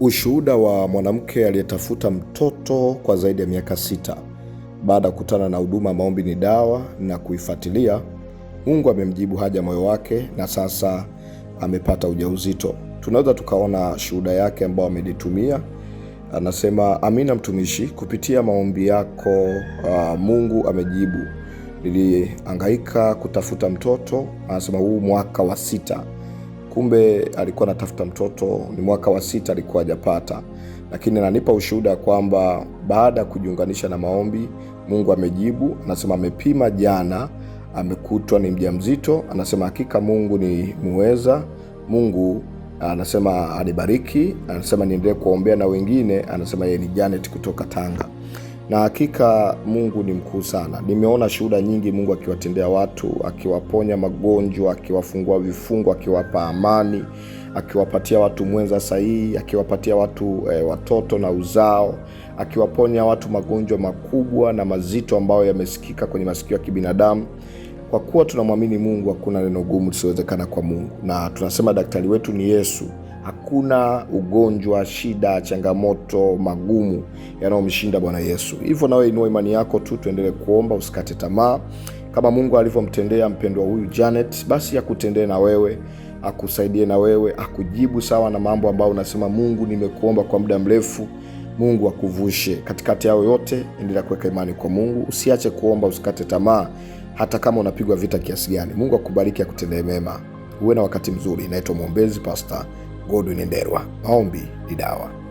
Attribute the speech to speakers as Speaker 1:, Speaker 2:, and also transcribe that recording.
Speaker 1: Ushuhuda wa mwanamke aliyetafuta mtoto kwa zaidi ya miaka sita baada ya kukutana na huduma maombi ni dawa na kuifuatilia, Mungu amemjibu haja moyo wake na sasa amepata ujauzito. Tunaweza tukaona shuhuda yake ambao amelitumia. Anasema, amina mtumishi, kupitia maombi yako uh, Mungu amejibu. Niliangaika kutafuta mtoto, anasema huu mwaka wa sita kumbe alikuwa anatafuta mtoto, ni mwaka wa sita alikuwa hajapata, lakini ananipa ushuhuda kwamba baada ya kujiunganisha na maombi Mungu amejibu. Anasema amepima jana, amekutwa ni mjamzito. Anasema hakika Mungu ni muweza. Mungu anasema anibariki, anasema niendelee kuombea na wengine. Anasema yeye ni Janet kutoka Tanga na hakika Mungu ni mkuu sana. Nimeona shuhuda nyingi, Mungu akiwatendea watu, akiwaponya magonjwa, akiwafungua vifungo, akiwapa amani, akiwapatia watu mwenza sahihi, akiwapatia watu e, watoto na uzao, akiwaponya watu magonjwa makubwa na mazito ambayo yamesikika kwenye masikio ya kibinadamu. Kwa kuwa tunamwamini Mungu, hakuna neno gumu lisiwezekana kwa Mungu, na tunasema daktari wetu ni Yesu. Hakuna ugonjwa, shida, changamoto, magumu yanayomshinda Bwana Yesu. Hivyo nawe inua imani yako tu, tuendelee kuomba, usikate tamaa. Kama Mungu alivyomtendea mpendwa huyu Janet, basi akutendee na wewe, akusaidie na wewe, akujibu sawa na mambo ambayo unasema, Mungu nimekuomba kwa muda mrefu. Mungu akuvushe katikati yao yote. Endelea kuweka imani kwa Mungu, usiache kuomba, usikate tamaa, hata kama unapigwa vita kiasi gani. Mungu akubariki, akutendee mema, uwe na wakati mzuri. Naitwa mwombezi Pastor Godwin Ndelwa, maombi ni dawa.